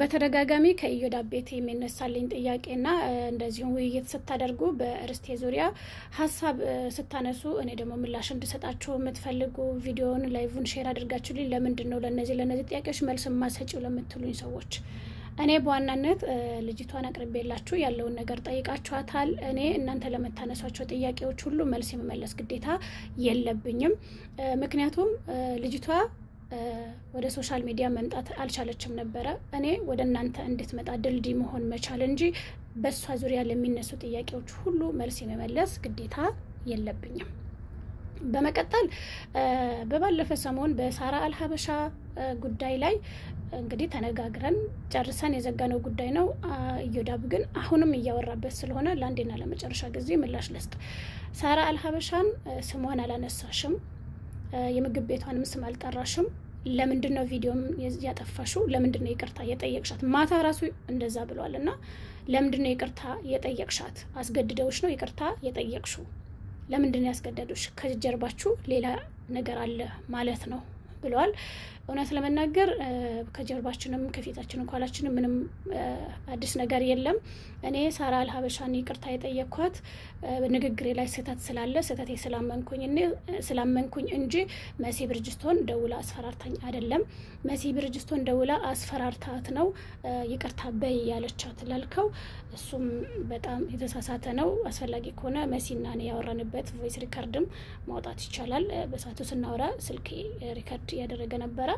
በተደጋጋሚ ከኢዮዳ ቤት የሚነሳልኝ ጥያቄና እንደዚሁም ውይይት ስታደርጉ በእርስቴ ዙሪያ ሀሳብ ስታነሱ እኔ ደግሞ ምላሽ እንድሰጣችሁ የምትፈልጉ ቪዲዮውን ላይቭን ሼር አድርጋችሁልኝ ለምንድን ነው ለነዚህ ለነዚህ ጥያቄዎች መልስ ማሰጪው ለምትሉኝ ሰዎች እኔ በዋናነት ልጅቷን አቅርቤላችሁ ያለውን ነገር ጠይቃችኋታል። እኔ እናንተ ለምታነሷቸው ጥያቄዎች ሁሉ መልስ የመመለስ ግዴታ የለብኝም። ምክንያቱም ልጅቷ ወደ ሶሻል ሚዲያ መምጣት አልቻለችም ነበረ። እኔ ወደ እናንተ እንድትመጣ ድልድይ መሆን መቻል እንጂ በእሷ ዙሪያ ለሚነሱ ጥያቄዎች ሁሉ መልስ የመመለስ ግዴታ የለብኝም። በመቀጠል በባለፈ ሰሞን በሳራ አልሀበሻ ጉዳይ ላይ እንግዲህ ተነጋግረን ጨርሰን የዘጋነው ጉዳይ ነው። እዮዳብ ግን አሁንም እያወራበት ስለሆነ ለአንዴና ለመጨረሻ ጊዜ ምላሽ ልስጥ። ሳራ አልሀበሻን ስሟን አላነሳሽም የምግብ ቤቷንም ስም አልጠራሽም። ለምንድን ነው ቪዲዮ ያጠፋሽው? ለምንድን ነው ይቅርታ የጠየቅሻት? ማታ ራሱ እንደዛ ብሏል። እና ለምንድን ነው ይቅርታ የጠየቅሻት? አስገድደውሽ ነው ይቅርታ የጠየቅሽው? ለምንድን ነው ያስገደዱሽ? ከጀርባችሁ ሌላ ነገር አለ ማለት ነው። ብለዋል። እውነት ለመናገር ከጀርባችንም ከፊታችንም ከኋላችንም ምንም አዲስ ነገር የለም። እኔ ሳራ አልሀበሻን ይቅርታ የጠየኳት ንግግሬ ላይ ስህተት ስላለ ስህተቴ ስላመንኩኝ እንጂ መሲ ብርጅስቶን ደውላ አስፈራርታኝ አይደለም። መሲ ብርጅስቶን ደውላ አስፈራርታት ነው ይቅርታ በይ ያለቻት ላልከው፣ እሱም በጣም የተሳሳተ ነው። አስፈላጊ ከሆነ መሲና እኔ ያወራንበት ቮይስ ሪከርድም ማውጣት ይቻላል። በሳቱ ስናወራ ስልክ ሪከርድ እያደረገ ነበረ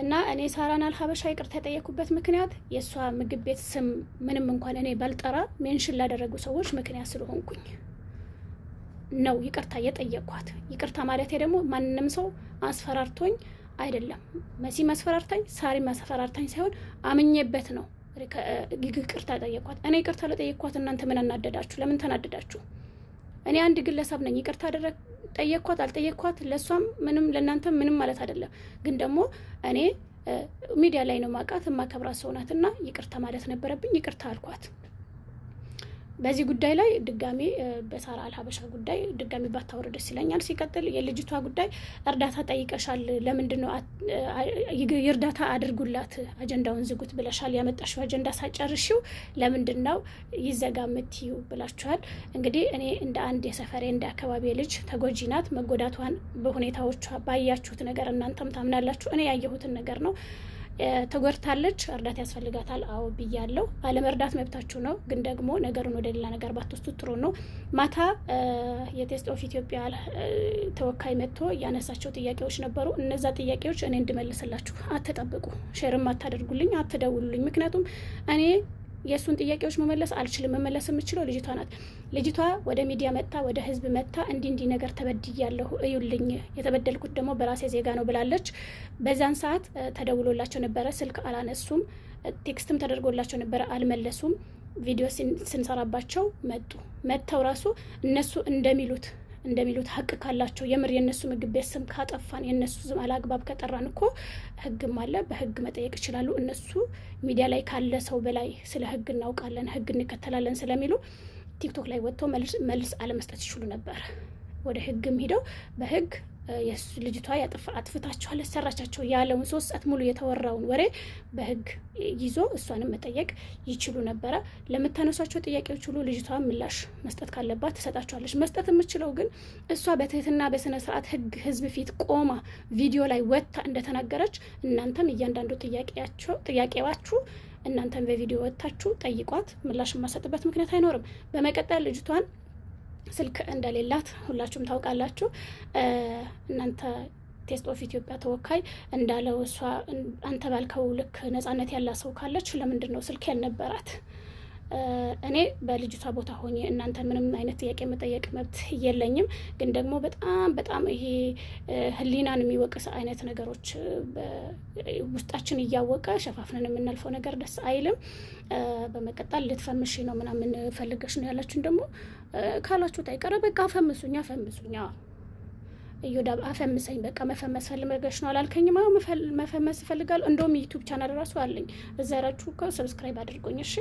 እና እኔ ሳራን አልሀበሻ ይቅርታ የጠየኩበት ምክንያት የእሷ ምግብ ቤት ስም ምንም እንኳን እኔ ባልጠራ ሜንሽን ላደረጉ ሰዎች ምክንያት ስለሆንኩኝ ነው ይቅርታ የጠየቅኳት። ይቅርታ ማለት ደግሞ ማንም ሰው አስፈራርቶኝ አይደለም። መሲ ማስፈራርታኝ፣ ሳሪ ማስፈራርታኝ ሳይሆን አምኜበት ነው ይቅርታ ጠየቅኳት። እኔ ይቅርታ ለጠየቅኳት እናንተ ምን አናደዳችሁ? ለምን ተናደዳችሁ? እኔ አንድ ግለሰብ ነኝ። ይቅርታ ጠየኳት አልጠየኳት ለእሷም ምንም ለእናንተ ምንም ማለት አይደለም። ግን ደግሞ እኔ ሚዲያ ላይ ነው ማውቃት የማከብራት ሰው ናት እና ይቅርታ ማለት ነበረብኝ። ይቅርታ አልኳት። በዚህ ጉዳይ ላይ ድጋሚ በሳራ አልሀበሻ ጉዳይ ድጋሚ ባታወር ደስ ይለኛል። ሲቀጥል የልጅቷ ጉዳይ እርዳታ ጠይቀሻል። ለምንድን ነው እርዳታ አድርጉላት፣ አጀንዳውን ዝጉት ብለሻል። ያመጣሽው አጀንዳ ሳጨርሽው ለምንድን ነው ይዘጋ ምትዩ ብላችኋል። እንግዲህ እኔ እንደ አንድ የሰፈሬ እንደ አካባቢ ልጅ ተጎጂ ናት። መጎዳቷን በሁኔታዎቿ ባያችሁት ነገር እናንተም ታምናላችሁ። እኔ ያየሁትን ነገር ነው ተጎድታለች፣ እርዳት ያስፈልጋታል። አዎ ብያለሁ። አለመርዳት መብታችሁ ነው፣ ግን ደግሞ ነገሩን ወደ ሌላ ነገር ባትወስዱ ጥሩ ነው። ማታ የቴስት ኦፍ ኢትዮጵያ ተወካይ መጥቶ ያነሳቸው ጥያቄዎች ነበሩ። እነዛ ጥያቄዎች እኔ እንድመልስላችሁ አትጠብቁ፣ ሼርም አታደርጉልኝ፣ አትደውሉልኝ። ምክንያቱም እኔ የእሱን ጥያቄዎች መመለስ አልችልም። መመለስ የምችለው ልጅቷ ናት። ልጅቷ ወደ ሚዲያ መጥታ ወደ ህዝብ መጥታ እንዲ እንዲ ነገር ተበድያለሁ እዩልኝ፣ የተበደልኩት ደግሞ በራሴ ዜጋ ነው ብላለች። በዛን ሰዓት ተደውሎላቸው ነበረ፣ ስልክ አላነሱም። ቴክስትም ተደርጎላቸው ነበረ፣ አልመለሱም። ቪዲዮ ስንሰራባቸው መጡ። መጥተው ራሱ እነሱ እንደሚሉት እንደሚሉት ሀቅ ካላቸው የምር የእነሱ ምግብ ቤት ስም ካጠፋን የእነሱ ስም አላግባብ ከጠራን እኮ ህግም አለ፣ በህግ መጠየቅ ይችላሉ። እነሱ ሚዲያ ላይ ካለ ሰው በላይ ስለ ህግ እናውቃለን፣ ህግ እንከተላለን ስለሚሉ ቲክቶክ ላይ ወጥተው መልስ አለመስጠት ይችሉ ነበር። ወደ ህግም ሂደው በህግ ልጅቷ አጥፍታችኋል ሰራቻቸው ያለውን ሶስት ሰዓት ሙሉ የተወራውን ወሬ በህግ ይዞ እሷንም መጠየቅ ይችሉ ነበረ። ለምታነሷቸው ጥያቄዎች ሁሉ ልጅቷ ምላሽ መስጠት ካለባት ትሰጣቸዋለች። መስጠት የምችለው ግን እሷ በትህትና በስነ ስርዓት ህግ ህዝብ ፊት ቆማ ቪዲዮ ላይ ወጥታ እንደተናገረች እናንተም እያንዳንዱ ጥያቄዋችሁ እናንተም በቪዲዮ ወጥታችሁ ጠይቋት። ምላሽ የማሰጥበት ምክንያት አይኖርም። በመቀጠል ልጅቷን ስልክ እንደሌላት ሁላችሁም ታውቃላችሁ። እናንተ ቴስት ኦፍ ኢትዮጵያ ተወካይ እንዳለው እሷ አንተ ባልከው ልክ ነጻነት ያላት ሰው ካለች ለምንድን ነው ስልክ ያልነበራት? እኔ በልጅቷ ቦታ ሆኜ እናንተ ምንም አይነት ጥያቄ መጠየቅ መብት የለኝም። ግን ደግሞ በጣም በጣም ይሄ ህሊናን የሚወቅስ አይነት ነገሮች ውስጣችን እያወቀ ሸፋፍነን የምናልፈው ነገር ደስ አይልም። በመቀጠል ልትፈምሽ ነው ምናምን ፈልገሽ ነው ያላችሁን ደግሞ ካላችሁት አይቀረ በቃ ፈምሱኛ ፈምሱኛ እዮዳብ አፈምሰኝ በቃ መፈመስ ፈልገሽ ነው አላልከኝም? አዎ መፈመስ እፈልጋለሁ። እንደውም ዩቱብ ቻናል ራሱ አለኝ። እዛ ራችሁ ከ ሰብስክራይብ አድርጎኝ እሺ።